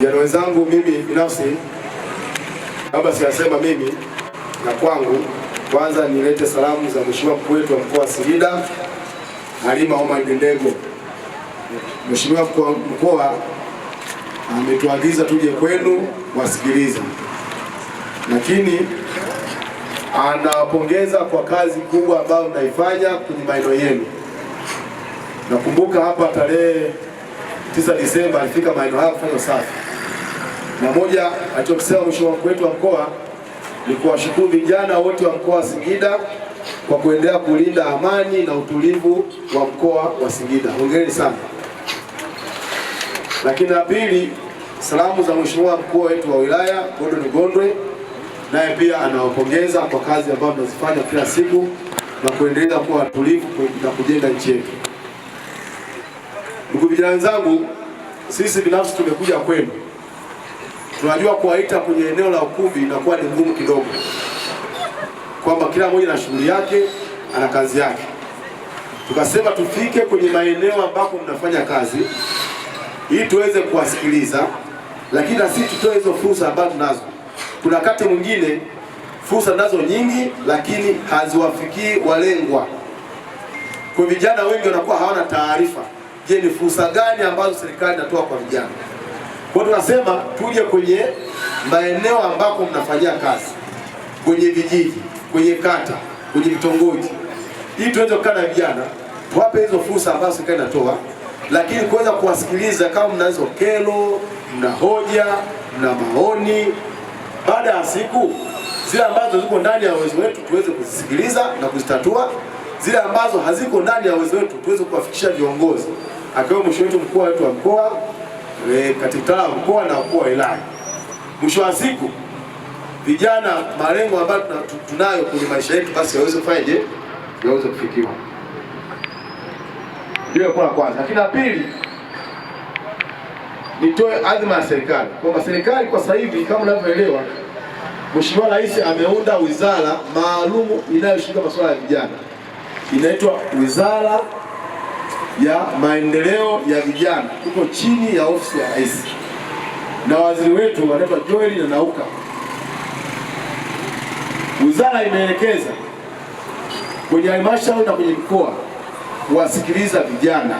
Vijana wenzangu, mimi binafsi labda siyasema mimi na kwangu, kwanza nilete salamu za mheshimiwa mkuu wetu wa mkoa wa Singida Halima Omar Dendego. Mheshimiwa mkuu wa mkoa ametuagiza tuje kwenu wasikiliza, lakini anawapongeza kwa kazi kubwa ambayo mnaifanya kwenye maeneo yenu. Nakumbuka hapa tarehe 9 Disemba alifika maeneo haya kufanya usafi na moja alichokisema mheshimiwa mkuu wetu wa mkoa ni kuwashukuru vijana wote wa mkoa wa Singida kwa kuendelea kulinda amani na utulivu wa mkoa wa Singida. Hongereni sana. Lakini la pili, salamu za mheshimiwa mkuu wetu wa wilaya Gordon Gondwe, naye pia anawapongeza kwa kazi ambayo mnazifanya kila siku na kuendelea kuwa watulivu na kujenga nchi yetu. Ndugu vijana wenzangu, sisi binafsi tumekuja kwenu tunajua kuwaita kwenye eneo la ukumbi inakuwa ni ngumu kidogo, kwamba kila mmoja na shughuli yake, ana kazi yake. Tukasema tufike kwenye maeneo ambapo mnafanya kazi ili tuweze kuwasikiliza, lakini na sisi tutoe hizo fursa ambazo tunazo. Kuna wakati mwingine fursa nazo nyingi, lakini haziwafikii walengwa. Kwa vijana wengi wanakuwa hawana taarifa. Je, ni fursa gani ambazo serikali inatoa kwa vijana? Kwa tunasema tuje kwenye maeneo ambako mnafanyia kazi, kwenye vijiji, kwenye kata, kwenye vitongoji, ili tuweze kukaa na vijana, tuwape hizo fursa ambazo serikali inatoa, lakini kuweza kuwasikiliza kama mnazo kero, mna hoja, mna maoni. Baada ya siku zile ambazo ziko ndani ya uwezo wetu tuweze kuzisikiliza na kuzitatua, zile ambazo haziko ndani ya uwezo wetu tuweze kuwafikisha viongozi, akiwemo mshauri mkuu wetu wa mkoa e, katika mkoa na mkoa wa wilaya. Mwisho wa siku vijana, malengo ambayo tunayo kwenye maisha yetu basi yaweze kufanyaje, yaweze kufikiwa. Hiyo kwa kwanza, lakini la pili nitoe azma ya serikali kwamba serikali kwa sasa hivi kama unavyoelewa, Mheshimiwa Rais ameunda wizara maalumu inayoshughulika masuala ya vijana, inaitwa Wizara ya maendeleo ya vijana, tuko chini ya ofisi ya rais na waziri wetu wanaitwa Joel na Nauka. Wizara imeelekeza kwenye halmashauri na kwenye mkoa kuwasikiliza vijana,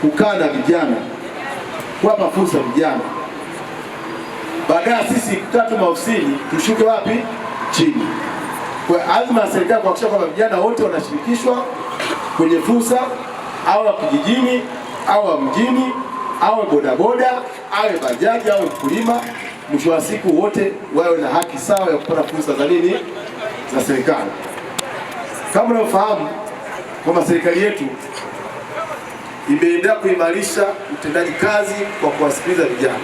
kukaa na vijana, kuwapa fursa vijana, baadaye sisi tatu maofisini tushuke wapi? Chini. Kwa azma ya serikali kuhakikisha kwamba vijana wote wanashirikishwa kwenye fursa, awe kijijini, awe wa mjini, awe bodaboda, awe bajaji, awe mkulima, mwisho wa siku wote wawe na haki sawa ya kupata fursa za nini, za serikali. Kama unavyofahamu kwamba serikali yetu imeendelea kuimarisha utendaji kazi kwa kuwasikiliza vijana.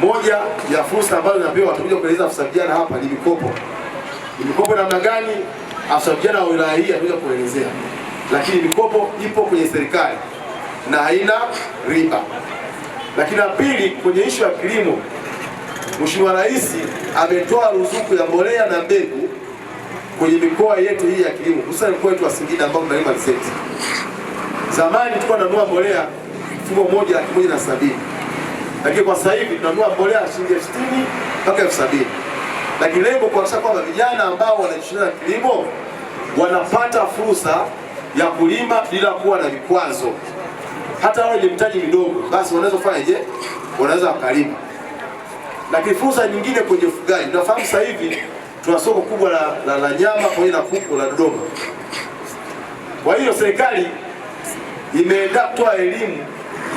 Moja ya fursa ambazo napewa watakuja kueleza afisa vijana hapa ni mikopo. Ni mikopo namna gani afisa vijana wa wilaya hii atakuja kuelezea lakini mikopo ipo kwenye serikali na haina riba. Lakini la pili, kwenye ishu ya kilimo, Mheshimiwa Rais ametoa ruzuku ya mbolea na mbegu kwenye mikoa yetu hii ya kilimo, hususani mkoa wetu wa Singida ambao tunalima liseti. Zamani tulikuwa tunanunua mbolea mfumo moja laki moja na sabini, lakini kwa sasa hivi tunanunua mbolea shilingi elfu sitini mpaka elfu sabini, lakini lengo kuhakikisha kwamba vijana ambao wanajishughulisha na kilimo wanapata fursa ya kulima bila kuwa na vikwazo. Hata wale ni mtaji mdogo, basi wanaweza je, Wanaweza wakalima. Lakini fursa nyingine kwenye ufugaji, tunafahamu sasa hivi tuna soko kubwa la, la, la nyama pamoja na kuku la Dodoma. Kwa hiyo serikali imeenda kutoa elimu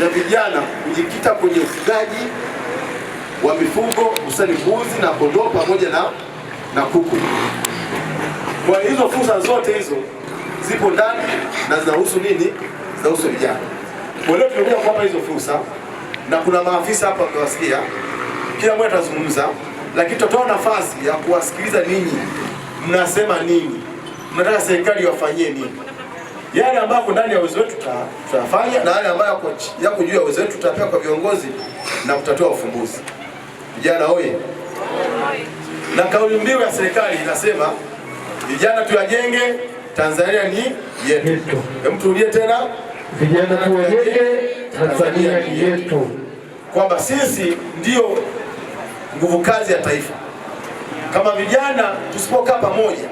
ya vijana kujikita kwenye ufugaji wa mifugo hususani mbuzi na kondoo pamoja na, na kuku. Kwa hizo fursa zote hizo zipo ndani na zinahusu nini? Zinahusu vijana. Kwa leo tumekuja kuwapa hizo fursa, na kuna maafisa hapa mmewasikia, kila mmoja atazungumza, lakini tutatoa nafasi ya kuwasikiliza ninyi, mnasema nini, mnataka serikali wafanyie nini, yale ambayo ndani ya uwezo wetu tutayafanya na yale ambayo yako juu ya uwezo wetu tutapewa kwa viongozi na kutatoa ufumbuzi. Vijana oye! Na kauli mbiu ya serikali inasema vijana tuyajenge Tanzania ni yetu. Emtulie tena, vijana tuwe Tanzania ni yetu, kwamba sisi ndio nguvu kazi ya taifa. Kama vijana tusipokaa pamoja,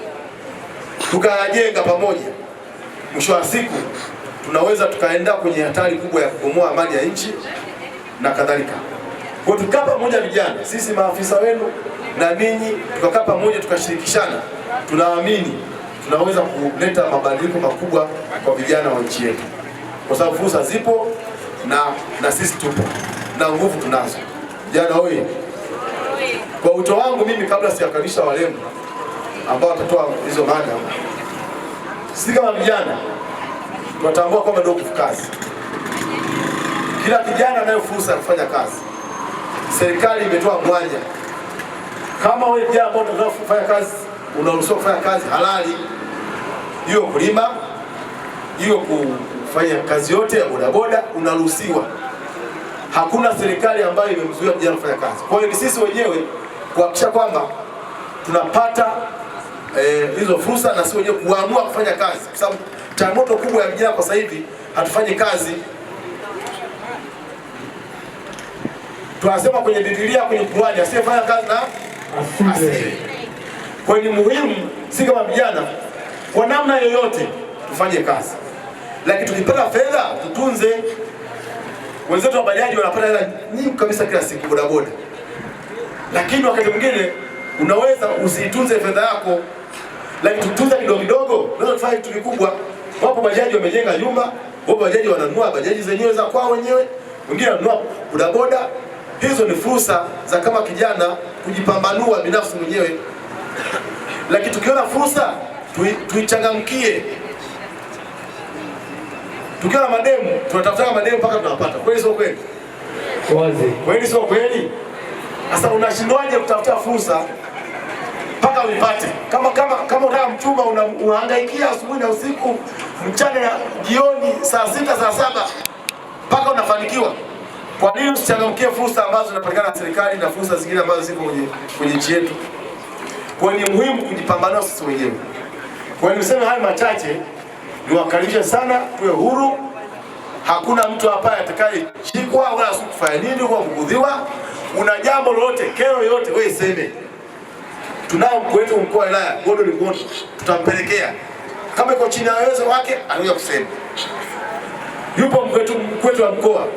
tukajenga pamoja, mwisho wa siku tunaweza tukaenda kwenye hatari kubwa ya kubomoa amani ya nchi na kadhalika. Kwa tukaa pamoja vijana, sisi maafisa wenu na ninyi, tukakaa pamoja, tukashirikishana, tunaamini tunaweza kuleta mabadiliko makubwa kwa vijana wa nchi yetu, kwa sababu fursa zipo na na sisi tupo na nguvu tunazo. Vijana hoye! Kwa wito wangu mimi, kabla sijakalisha walemu ambao watatoa hizo mada, sisi kama vijana tunatambua kwamba ndio nguvu kazi. Kila kijana anayo fursa ya kufanya kazi. Serikali imetoa mwanya, kama wewe pia ambao unataka kufanya kazi unaruhusiwa kufanya kazi halali, hiyo kulima, hiyo kufanya kazi yote ya bodaboda unaruhusiwa. Hakuna serikali ambayo imemzuia vijana kufanya kazi. Kwa hiyo ni sisi wenyewe kuhakikisha kwamba tunapata hizo eh, hizo fursa na sisi wenyewe kuamua kufanya kazi, kwa sababu changamoto kubwa ya vijana kwa sasa hivi hatufanyi kazi. Tunasema kwenye Biblia kwenye Qur'ani, asiyefanya kazi na asili kwa ni muhimu si kama vijana, kwa namna yoyote tufanye kazi, lakini tukipata fedha tutunze. Wenzetu wa wabaliaji wanapata hela nyingi kabisa kila siku, bodaboda, lakini wakati mwingine unaweza usitunze fedha yako, lakini tutunze kidogo kidogo, unaweza tufanye kitu kikubwa. Wapo bajaji wamejenga nyumba, wapo bajaji wananua bajaji zenyewe za kwao wenyewe, wengine wananunua bodaboda. Hizo ni fursa za kama kijana kujipambanua binafsi mwenyewe lakini tukiona fursa tuichangamkie, tui tukiwa mademu tunatafuta mademu mpaka tunapata. Kweli sio kweli? Wazi. Kweli sio kweli? Sasa unashindwaje kutafuta fursa mpaka uipate? Kama kama kama unataka mchumba unahangaikia asubuhi na usiku, mchana na jioni, saa sita saa saba mpaka unafanikiwa. Kwa nini usichangamkie fursa ambazo zinapatikana na serikali na fursa zingine ambazo ziko kwenye nchi yetu? Kwa ni muhimu kujipambanua sisi wenyewe. Kwa niseme haya machache, niwakaribisha sana, tuwe huru. Hakuna mtu hapa atakayeshikwa wala kufanya nini kwa kugudhiwa. Una jambo lolote, kero yote, wewe seme. Tunao kwetu mkoa mkuu wa wilaya Godo Godo, tutampelekea kama iko chini ya uwezo wake anaweza kusema. Yupo mkuu wetu wa mkoa,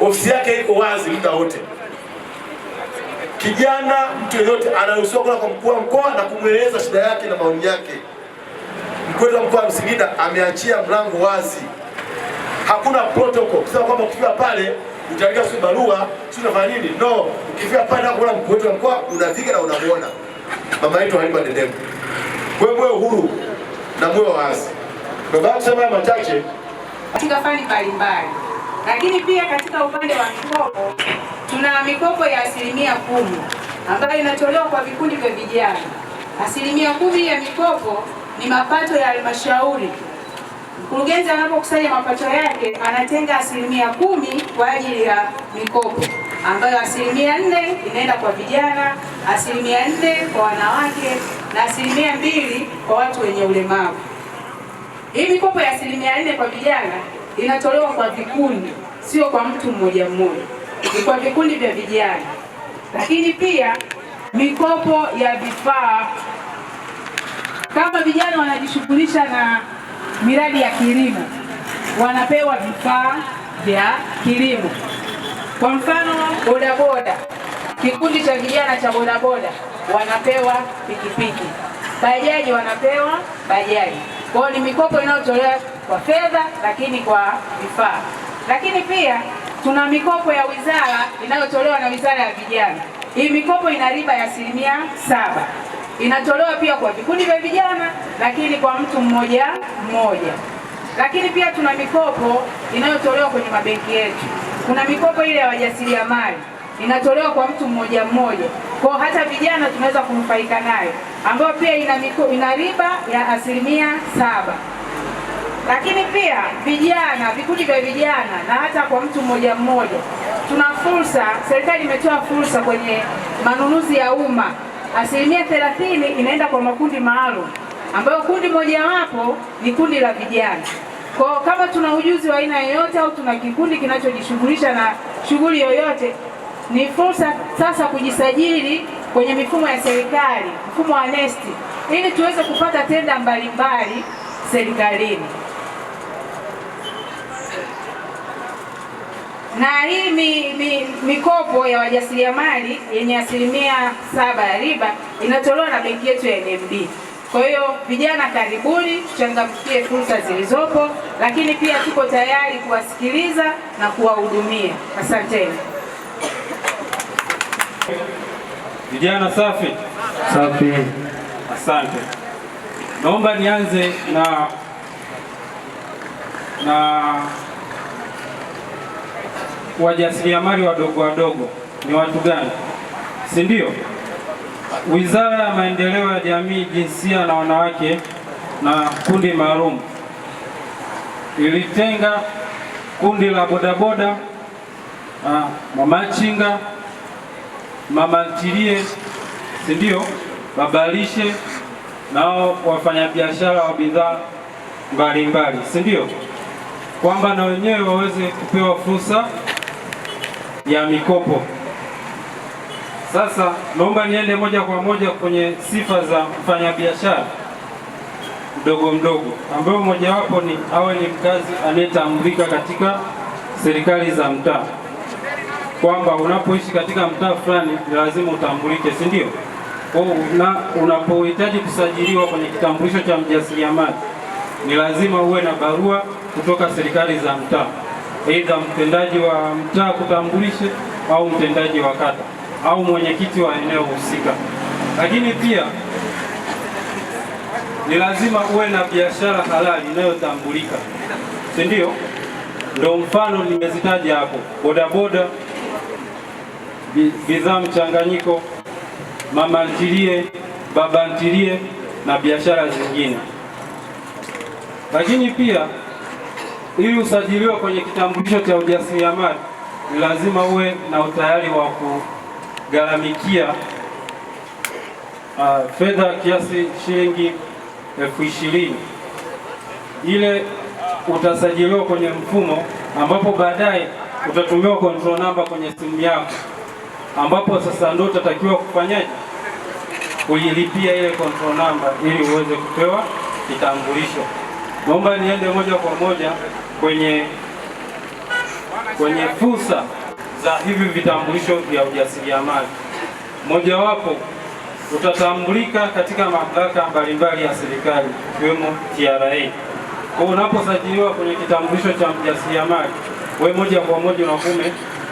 ofisi yake iko wazi muda wote. Kijana mtu yeyote anaruhusiwa kwenda kwa mkuu wa mkoa na kumweleza shida yake na maoni yake. Mkuu wa mkoa wa Singida ameachia mlango wazi, hakuna protocol kusema kwamba ukifika pale utaandika sio barua sio na nini. No, ukifika pale na kuona mkuu wetu wa mkoa unafika na unamuona mama yetu Halima Dedemu. Kwa hiyo uhuru na moyo wazi, baba kusema machache katika fani mbalimbali, lakini pia katika upande wa mikopo tuna mikopo ya asilimia kumi ambayo inatolewa kwa vikundi vya vijana. Asilimia kumi ya mikopo ni mapato ya halmashauri. Mkurugenzi anapokusanya mapato yake anatenga asilimia kumi kwa ajili ya mikopo ambayo asilimia nne inaenda kwa vijana, asilimia nne kwa wanawake na asilimia mbili kwa watu wenye ulemavu. Hii mikopo ya asilimia nne kwa vijana inatolewa kwa vikundi, sio kwa mtu mmoja mmoja ni kwa vikundi vya vijana, lakini pia mikopo ya vifaa. Kama vijana wanajishughulisha na miradi ya kilimo, wanapewa vifaa vya kilimo. Kwa mfano bodaboda, kikundi cha vijana cha bodaboda wanapewa pikipiki, bajaji wanapewa bajaji. kwao ni mikopo inayotolewa kwa fedha, lakini kwa vifaa, lakini pia Tuna mikopo ya wizara inayotolewa na wizara ya vijana. Hii mikopo ina riba ya asilimia saba, inatolewa pia kwa vikundi vya vijana, lakini kwa mtu mmoja mmoja. Lakini pia tuna mikopo inayotolewa kwenye mabenki yetu. Kuna mikopo ile ya wajasiriamali inatolewa kwa mtu mmoja mmoja, kwa hata vijana tunaweza kunufaika nayo, ambayo pia ina, miko, ina riba ya asilimia saba. Lakini pia vijana, vikundi vya vijana na hata kwa mtu mmoja mmoja, tuna fursa, serikali imetoa fursa kwenye manunuzi ya umma, asilimia thelathini inaenda kwa makundi maalum, ambayo kundi mojawapo ni kundi la vijana. Kwa kama tuna ujuzi wa aina yoyote au tuna kikundi kinachojishughulisha na shughuli yoyote, ni fursa sasa kujisajili kwenye mifumo ya serikali, mfumo wa NeST ili tuweze kupata tenda mbalimbali serikalini. na hii mi, mi, mikopo ya wajasiriamali yenye asilimia saba ya riba inatolewa na benki yetu ya NMB. Kwa hiyo vijana, karibuni tuchangamkie fursa zilizopo, lakini pia tuko tayari kuwasikiliza na kuwahudumia. Asanteni vijana. Safi safi, asante. Naomba nianze na na wajasiriamali wadogo wadogo ni watu gani, si ndio? Wizara ya Maendeleo ya Jamii, Jinsia na Wanawake na kundi maalum ilitenga kundi la bodaboda, ah, mamachinga, mamantilie, si ndio, babalishe, nao wafanyabiashara wa bidhaa mbalimbali, si ndio, kwamba na wenyewe waweze kupewa fursa ya mikopo. Sasa naomba niende moja kwa moja kwenye sifa za mfanyabiashara mdogo mdogo, ambayo mojawapo ni awe ni mkazi anayetambulika katika serikali za mtaa, kwamba unapoishi katika mtaa fulani ni lazima utambulike, si ndio? Una, unapohitaji kusajiliwa kwenye kitambulisho cha mjasiriamali ni lazima uwe na barua kutoka serikali za mtaa aidha mtendaji wa mtaa kutambulisha au mtendaji wa kata au mwenyekiti wa eneo husika. Lakini pia ni lazima uwe na biashara halali inayotambulika, si ndio? Ndio mfano nimezitaja hapo, bodaboda, bidhaa mchanganyiko, mama ntilie, baba ntilie na biashara zingine, lakini pia ili usajiliwe kwenye kitambulisho cha ujasiriamali ni lazima uwe na utayari wa kugharamikia uh, fedha kiasi shilingi elfu ishirini ile utasajiliwa kwenye mfumo ambapo baadaye utatumiwa control number kwenye simu yako, ambapo sasa ndio utatakiwa kufanyaje, kuilipia ile control number ili uweze kupewa kitambulisho. Naomba niende moja kwa moja kwenye, kwenye fursa za hivi vitambulisho vya ujasiriamali. Mojawapo utatambulika katika mamlaka mbalimbali ya serikali ikiwemo TRA. Kwa unaposajiliwa kwenye kitambulisho cha mjasiriamali, we moja kwa moja unakuwa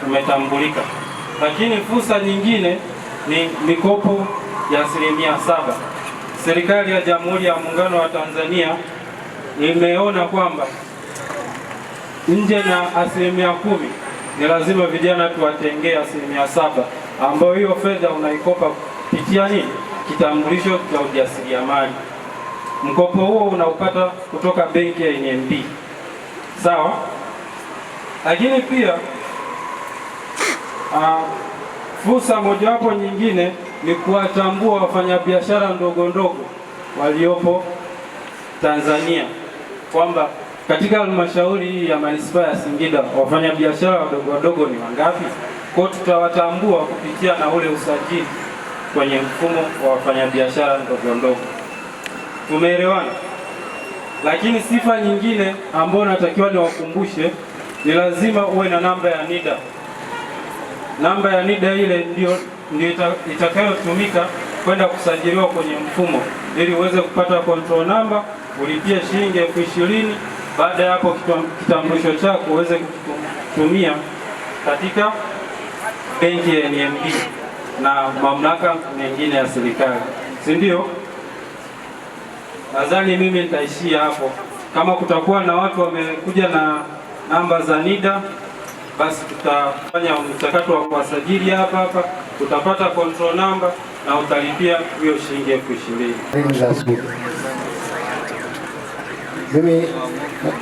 umetambulika. Lakini fursa nyingine ni mikopo ya asilimia saba. Serikali ya Jamhuri ya Muungano wa Tanzania imeona kwamba nje na asilimia kumi, ni lazima vijana tuwatengee asilimia saba ambayo hiyo fedha unaikopa kupitia nini? Kitambulisho cha ujasiriamali. Mkopo huo unaupata kutoka benki ya NMB, sawa. Lakini pia uh, fursa mojawapo nyingine ni kuwatambua wafanyabiashara ndogo ndogo waliopo Tanzania kwamba katika halmashauri ya manispaa ya Singida wafanyabiashara wadogo wadogo ni wangapi? Kwa tutawatambua kupitia na ule usajili kwenye mfumo wa wafanyabiashara ndogo ndogo. Tumeelewana? Lakini sifa nyingine ambayo natakiwa niwakumbushe ni lazima uwe na namba ya NIDA. Namba ya NIDA ile ndio ndio itakayotumika kwenda kusajiliwa kwenye mfumo ili uweze kupata control namba, ulipie shilingi elfu ishirini baada ya hapo, kitambulisho chako uweze kutumia katika benki ya NMB na mamlaka mengine ya serikali, si ndio? Nadhani mimi nitaishia hapo. Kama kutakuwa na watu wamekuja na namba za NIDA, basi tutafanya mchakato wa kuwasajili hapa hapa, utapata control namba na utalipia hiyo shilingi elfu ishirini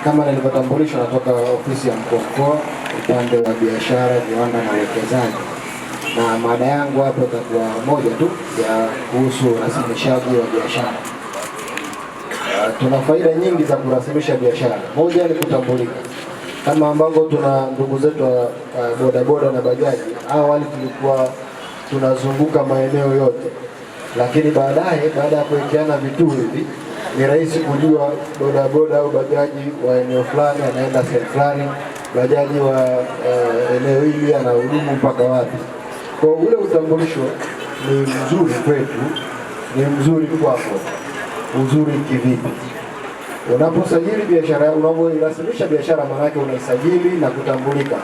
kama nilivyotambulishwa, natoka ofisi ya mkuu mkoa upande wa biashara, viwanda na uwekezaji, na mada yangu hapo itakuwa moja tu ya kuhusu urasimishaji wa biashara. Ah, tuna faida nyingi za kurasimisha biashara. Moja ni kutambulika, kama ambavyo tuna ndugu zetu wa uh, bodaboda na bajaji. Awali tulikuwa tunazunguka maeneo yote, lakini baadaye, baada ya kuwekeana vituo hivi ni rahisi kujua bodaboda au bajaji wa eneo fulani anaenda sehemu fulani, bajaji wa uh, eneo hili anahudumu mpaka wapi. Kwa ule utambulisho ni mzuri kwetu, ni mzuri kwako. Uzuri kivipi? Unaposajili biashara, unapoirasimisha biashara, maanake unaisajili na kutambulika.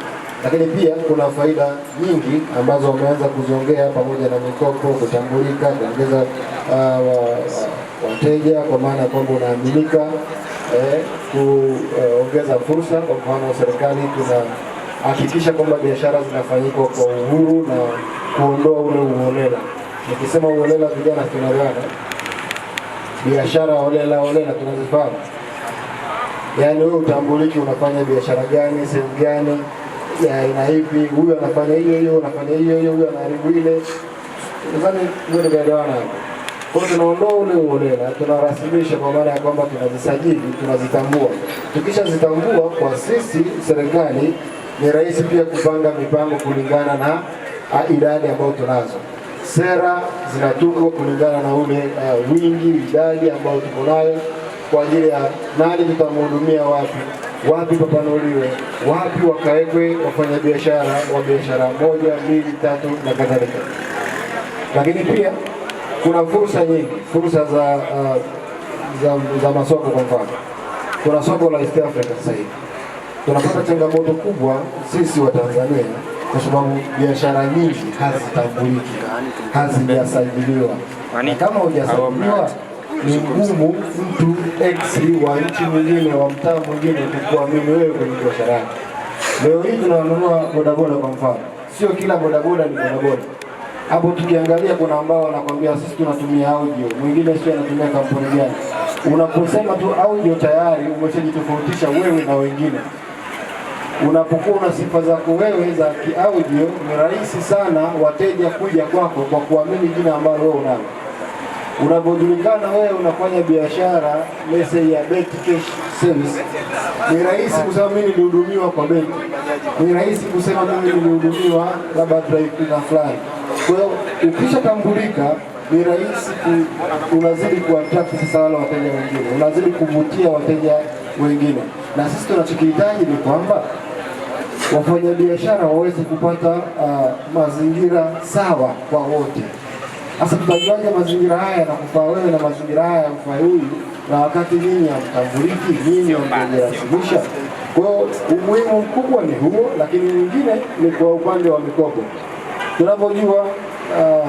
Lakini pia kuna faida nyingi ambazo wameanza kuziongea pamoja na mikopo, kutambulika, kuongeza uh, uh, wateja, kwa maana ya kwamba unaaminika eh, kuongeza eh, fursa. Kwa mfano serikali tunahakikisha kwamba biashara zinafanyika kwa uhuru na kuondoa ule uholela. Nikisema uholela, vijana tunagana biashara holela holela tunazifanya, yaani wewe utambuliki unafanya biashara gani, sehemu gani ya aina hivi huyu anafanya hiyo hiyo, unafanya hiyo hiyo, huyu anaharibu ile. Nadhani hiyo ndio. Kwa hiyo tunaondoa ule uolela, tunarasimisha kwa maana ya kwamba tunazisajili, tunazitambua. Tukishazitambua kwa sisi serikali ni rahisi pia kupanga mipango kulingana na idadi ambayo tunazo. Sera zinatungwa kulingana na ule uh, wingi, idadi ambayo tuko nayo kwa ajili ya nani tutamhudumia wapi wapi papanuliwe, wapi wakawekwe wafanyabiashara wa biashara moja, mbili, tatu na kadhalika, lakini pia kuna fursa nyingi, fursa za, uh, za, za masoko. Kwa mfano, kuna soko la East Africa sasa hivi tunapata changamoto kubwa sisi wa Tanzania kwa sababu biashara nyingi hazitambuliki, hazijasajiliwa. Yaani, kama hujasajiliwa ni ngumu mtu x wa nchi mwingine wa mtaa mwingine kukuamini wewe kwenye biashara Leo hii tunanunua bodaboda, kwa mfano, sio kila bodaboda ni bodaboda hapo tukiangalia, kuna ambao wanakwambia sisi tunatumia audio, mwingine sio anatumia kampuni gani. Unaposema tu audio, tayari umeshajitofautisha wewe na wengine. Unapokuwa una sifa zako wewe za kiaudio, ni rahisi sana wateja kuja kwako kwa kuamini jina ambalo wewe unalo. Unapojulikana wewe unafanya biashara lesei ya beti cash service, ni rahisi kusema mimi nilihudumiwa kwa benki, ni rahisi kusema mimi nilihudumiwa labda na fulani kwa hiyo ukishatambulika ni rahisi, unazidi kuwatraki sasa wale wateja wengine, unazidi kuvutia wateja wengine. Na sisi tunachokihitaji ni kwamba wafanyabiashara waweze kupata uh, mazingira sawa kwa wote. Sasa tutajuaje mazingira haya na kufaa wewe na mazingira haya ya mfaa huyu, na wakati nyinyi hamtambuliki, nyinyi hamtajirasimisha? Kwa hiyo umuhimu mkubwa ni huo, lakini nyingine ni kwa upande wa mikopo tunavyojua uh,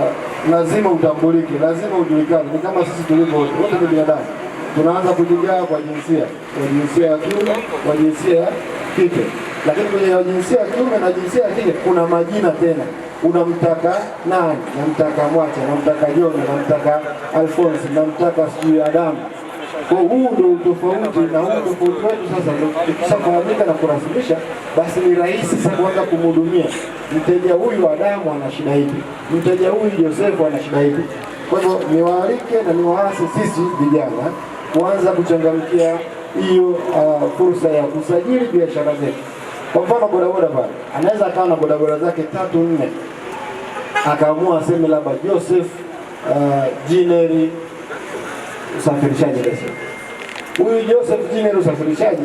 lazima utambulike, lazima ujulikane. Ni kama sisi tulivyo wote wote ni binadamu, tunaanza kujigaa kwa jinsia, kwa jinsia ya kiume, kwa jinsia ya kike. Lakini kwenye jinsia ya kiume na jinsia ya kike kuna majina tena, unamtaka nani? Namtaka Mwacha, namtaka Joni, namtaka Alfonsi, namtaka sijui Adamu kwa huu ndio utofauti na huu tofauti wetu sasa, kuamika na kurasimisha, basi ni rahisi sasa kuanza kumhudumia mteja huyu. Adamu ana shida hivi, Mteja huyu Josefu ana shida hivi. Kwa hivyo niwaalike na niwaase sisi vijana kuanza kuchangamkia hiyo uh, fursa ya kusajili biashara zetu. Kwa mfano bodaboda pale anaweza akawa na bodaboda zake tatu nne, akaamua aseme labda Joseph uh, Jineri usafirishaji pesa. Huyu Joseph Jimel usafirishaji,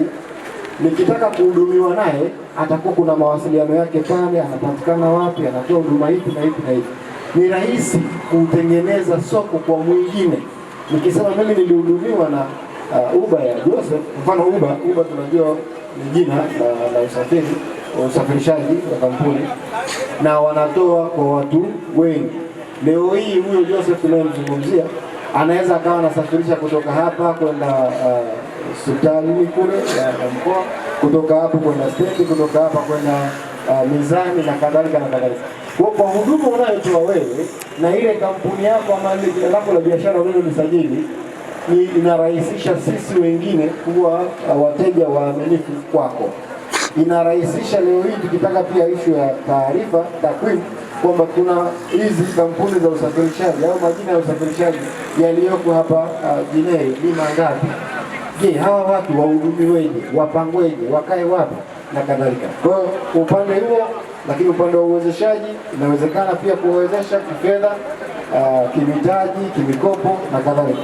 nikitaka kuhudumiwa naye atakuwa kuna mawasiliano yake pale, anapatikana wapi, anatoa huduma ipi na ipi na ipi. Ni rahisi kutengeneza soko kwa mwingine. Nikisema mimi nilihudumiwa na uh, Uber ya Joseph, mfano Uber, Uber tunajua ni jina la usafiri usafirishaji wa kampuni na wanatoa kwa watu wengi. Leo hii huyo Joseph tunayemzungumzia anaweza akawa anasafirisha kutoka hapa kwenda uh, sultani kule ya mkoa, kutoka hapo kwenda stendi, kutoka hapa kwenda uh, mizani na kadhalika na kadhalika. Kwa kwa huduma unayotoa wewe na ile kampuni yako ama lile lako la biashara ulilojisajili ni inarahisisha sisi wengine kuwa uh, wateja waaminifu kwako. Inarahisisha leo hii tukitaka pia ishu ya taarifa takwimu kwamba kuna hizi kampuni za usafirishaji au majina ya usafirishaji yaliyoko hapa uh, Jinei ni mangapi? Je, hawa watu wahudumiweje, wapangweje, wakae wapi na kadhalika. Kwa hiyo upande huo, lakini upande wa uwezeshaji inawezekana pia kuwawezesha kifedha, uh, kimitaji, kimikopo na kadhalika,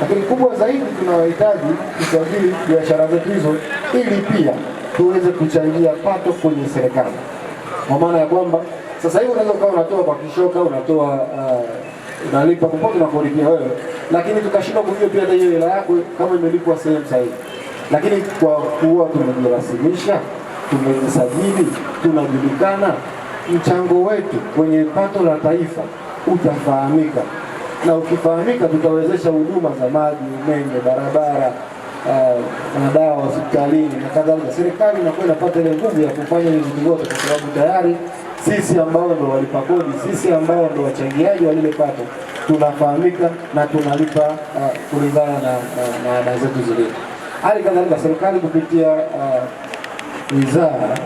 lakini kubwa zaidi tunawahitaji kusajili biashara zetu hizo ili pia tuweze kuchangia pato kwenye serikali kwa maana ya kwamba sasa hivi unaweza ukawa unatoa kwa kishoka, unatoa uh, popote na kulipia wewe, lakini tukashindwa kujua pia hiyo hela yako kama imelipwa sehemu sahihi. Lakini kwa kuwa tumejirasimisha, tumejisajili, tunajulikana, mchango wetu kwenye pato la taifa utafahamika, na ukifahamika, tutawezesha huduma za maji, umeme, barabara madawa uh, hospitalini na kadhalika. Serikali inakuwa inapata ile nguvu ya kufanya hizo zote, kwa sababu tayari sisi ambao ndo walipa kodi, sisi ambao ndo wachangiaji wa lile pato tunafahamika na tunalipa uh, kulingana na na, na zetu zilivyo. Hali kadhalika serikali kupitia uh, wizara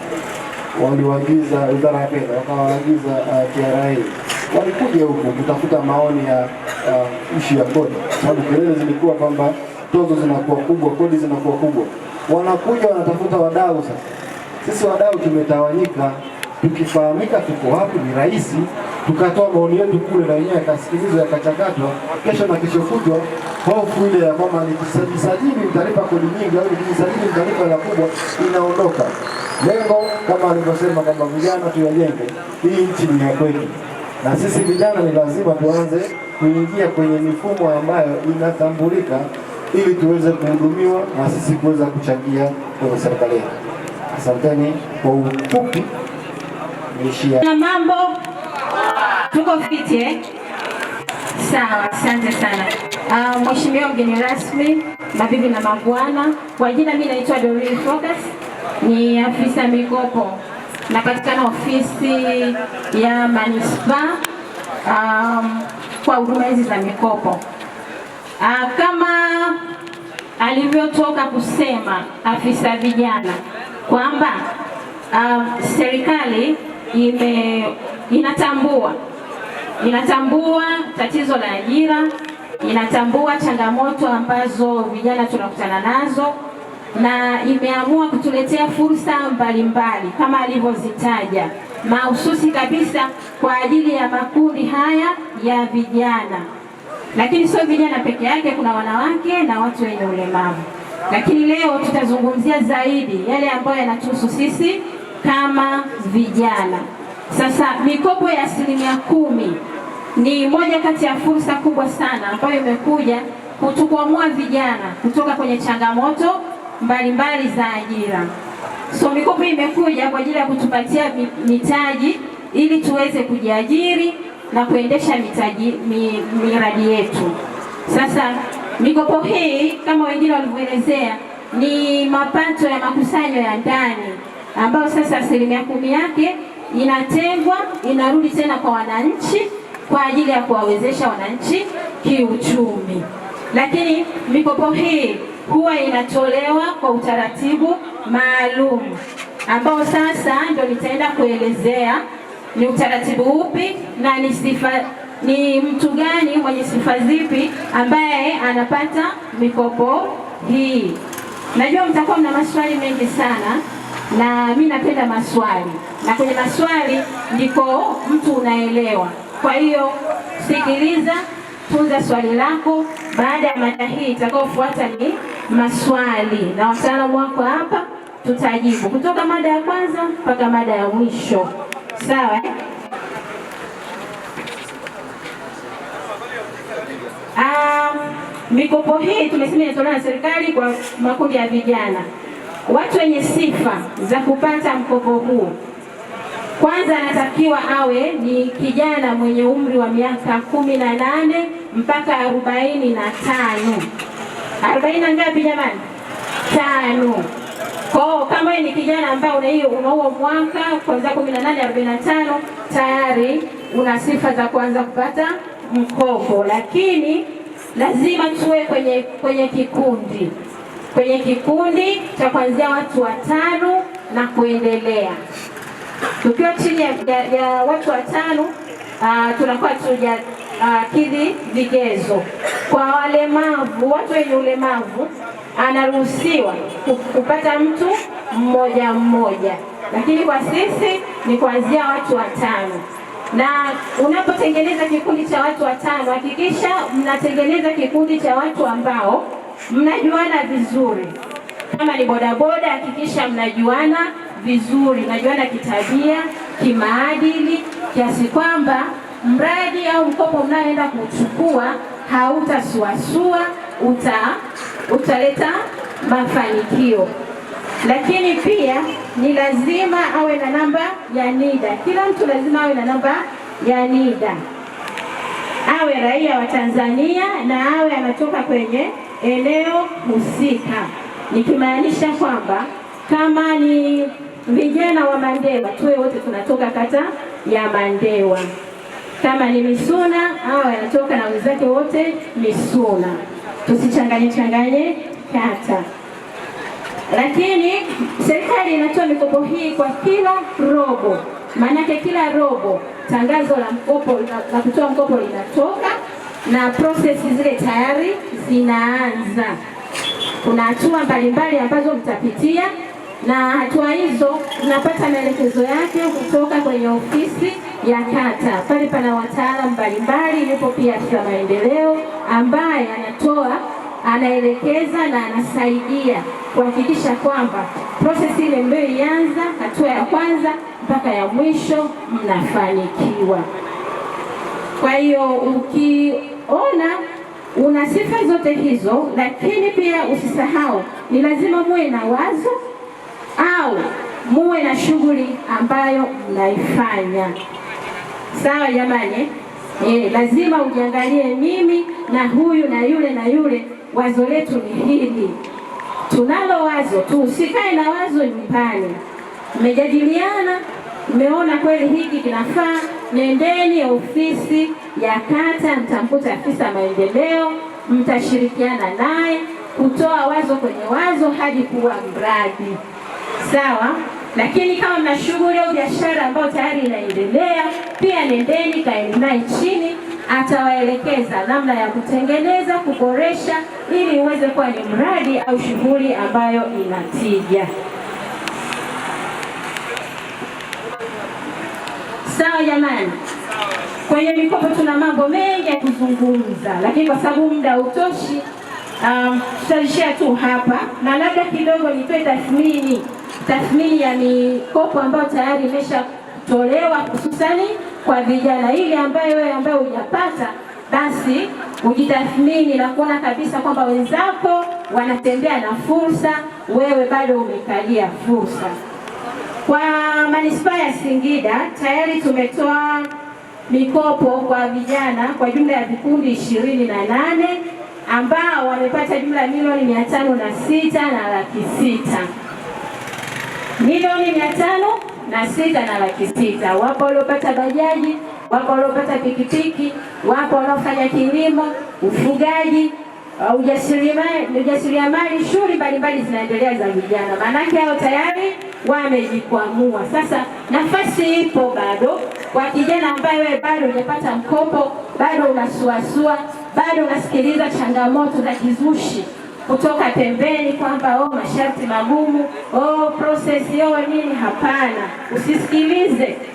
waliwaagiza wizara ya fedha wakawaagiza uh, TRA walikuja huku kutafuta maoni ya uh, ishi ya kodi, sababu kelele zilikuwa kwamba tozo zinakuwa kubwa, kodi zinakuwa kubwa. Wanakuja wanatafuta wadau. Sasa sisi wadau tumetawanyika tukifahamika tuko wapi, ni rahisi tukatoa maoni yetu kule, na yenyewe yakasikilizwa, yakachakatwa, kesho na kesho kutwa, hofu ile ya kwamba nikisajili nitalipa kodi nyingi au nikisajili nitalipa la kubwa inaondoka. Lengo kama alivyosema kwamba vijana tuyajenge, hii nchi ni ya kwetu, na sisi vijana ni lazima tuanze kuingia kwenye mifumo ambayo inatambulika ili tuweze kuhudumiwa na sisi kuweza kuchangia kwenye serikali yetu. Asanteni kwa ufupi na mambo tuko fiti eh? Sawa, asante sana uh, Mheshimiwa mgeni rasmi, mabibi na mabwana, kwa jina mimi naitwa Doreen Focus, ni afisa mikopo, napatikana ofisi ya manispaa um, kwa huduma hizi za mikopo uh, kama alivyotoka kusema afisa vijana kwamba uh, serikali ime inatambua inatambua tatizo la ajira, inatambua changamoto ambazo vijana tunakutana nazo na imeamua kutuletea fursa mbalimbali mbali, kama alivyozitaja mahususi kabisa kwa ajili ya makundi haya ya vijana. Lakini sio vijana peke yake, kuna wanawake na watu wenye ulemavu. Lakini leo tutazungumzia zaidi yale ambayo yanatuhusu sisi kama vijana. Sasa mikopo ya asilimia kumi ni moja kati ya fursa kubwa sana ambayo imekuja kutukwamua vijana kutoka kwenye changamoto mbalimbali za ajira. So mikopo imekuja kwa ajili ya kutupatia mitaji ili tuweze kujiajiri na kuendesha mitaji, mi, miradi yetu. Sasa mikopo hii kama wengine walivyoelezea ni mapato ya makusanyo ya ndani ambayo sasa asilimia kumi yake inatengwa inarudi tena kwa wananchi kwa ajili ya kuwawezesha wananchi kiuchumi. Lakini mikopo hii huwa inatolewa kwa utaratibu maalum ambao sasa ndio nitaenda kuelezea ni utaratibu upi na ni sifa ni mtu gani mwenye sifa zipi ambaye anapata mikopo hii. Najua mtakuwa mna maswali mengi sana na mimi napenda maswali, na kwenye maswali ndiko mtu unaelewa. Kwa hiyo sikiliza, tunza swali lako. Baada ya mada hii itakayofuata ni maswali, na wataalamu wako hapa, tutajibu kutoka mada ya kwanza mpaka mada ya mwisho, sawa? Um, mikopo hii tumesema inatolewa na serikali kwa makundi ya vijana Watu wenye sifa za kupata mkopo huu, kwanza anatakiwa awe ni kijana mwenye umri wa miaka kumi na nane mpaka arobaini na tano. Arobaini na ngapi jamani? Tano. Kwa kama ni kijana ambaye una hiyo una huo mwaka kuanzia 18 45 tayari una sifa za kuanza kupata mkopo, lakini lazima tuwe kwenye, kwenye kikundi kwenye kikundi cha kuanzia watu watano na kuendelea. Tukiwa chini ya, ya watu watano uh, tunakuwa tuja uh, vigezo. Kwa walemavu, watu wenye ulemavu anaruhusiwa kupata mtu mmoja mmoja, lakini kwa sisi ni kuanzia watu watano na unapotengeneza kikundi cha watu watano, hakikisha mnatengeneza kikundi cha watu ambao mnajuana vizuri. Kama ni bodaboda, hakikisha mnajuana vizuri, mnajuana kitabia, kimaadili, kiasi kwamba mradi au mkopo mnaoenda kuchukua hautasuasua, uta utaleta mafanikio. Lakini pia ni lazima awe na namba ya NIDA. Kila mtu lazima awe na namba ya NIDA, awe raia wa Tanzania na awe anatoka kwenye eneo husika, nikimaanisha kwamba kama ni vijana wa Mandewa tuwe wote tunatoka kata ya Mandewa, kama ni Misuna hao yanatoka na wenzake wote Misuna, tusichanganye changanye kata. Lakini serikali inatoa mikopo hii kwa kila robo, maanake kila robo tangazo la mkopo la kutoa mkopo linatoka na prosesi zile tayari zinaanza. Kuna hatua mbalimbali ambazo mtapitia, na hatua hizo tunapata maelekezo yake kutoka kwenye ofisi ya kata. Pale pana wataalamu mbalimbali, yupo pia afisa maendeleo ambaye anatoa, anaelekeza na anasaidia kuhakikisha kwamba prosesi ile ambayo ianza hatua ya kwanza mpaka ya mwisho mnafanikiwa. Kwa hiyo uki Ona una sifa zote hizo, lakini pia usisahau, ni lazima muwe na wazo au muwe na shughuli ambayo mnaifanya. Sawa jamani? E, lazima ujiangalie, mimi na huyu na yule na yule, wazo letu ni hili. Tunalo wazo tu, usikae na wazo nyumbani. Mmejadiliana, mmeona kweli hiki kinafaa nendeni ofisi ya kata, mtamkuta afisa maendeleo, mtashirikiana naye kutoa wazo kwenye wazo hadi kuwa mradi. Sawa. Lakini kama mna shughuli au biashara ambayo tayari inaendelea, pia nendeni, kaeni naye chini, atawaelekeza namna ya kutengeneza, kuboresha ili iweze kuwa ni mradi au shughuli ambayo inatija. Sawa jamani. Kwenye mikopo tuna mambo mengi ya kuzungumza, lakini kwa sababu muda hautoshi um, tutaishia tu hapa, na labda kidogo nitoe tathmini tathmini ya mikopo ambayo tayari imeshatolewa hususani kwa vijana, ili ambayo wewe ambayo hujapata basi ujitathmini na kuona kabisa kwamba wenzako wanatembea na fursa, wewe bado umekalia fursa. Kwa manispaa ya Singida tayari tumetoa mikopo kwa vijana kwa jumla ya vikundi ishirini na nane ambao wamepata jumla ya milioni mia tano na sita na laki sita milioni mia tano na sita na laki sita. Wapo waliopata bajaji, wapo waliopata pikipiki, wapo wanaofanya kilimo, ufugaji uh, ujasiriamali, shughuli mbalimbali zinaendelea za vijana, maanake hao tayari wamejikwamua. Sasa nafasi ipo bado kwa kijana ambaye wewe bado hujapata mkopo, bado unasuasua, bado unasikiliza changamoto za kizushi kutoka pembeni kwamba oh, masharti magumu, oh, prosesi, oh nini. Hapana, usisikilize.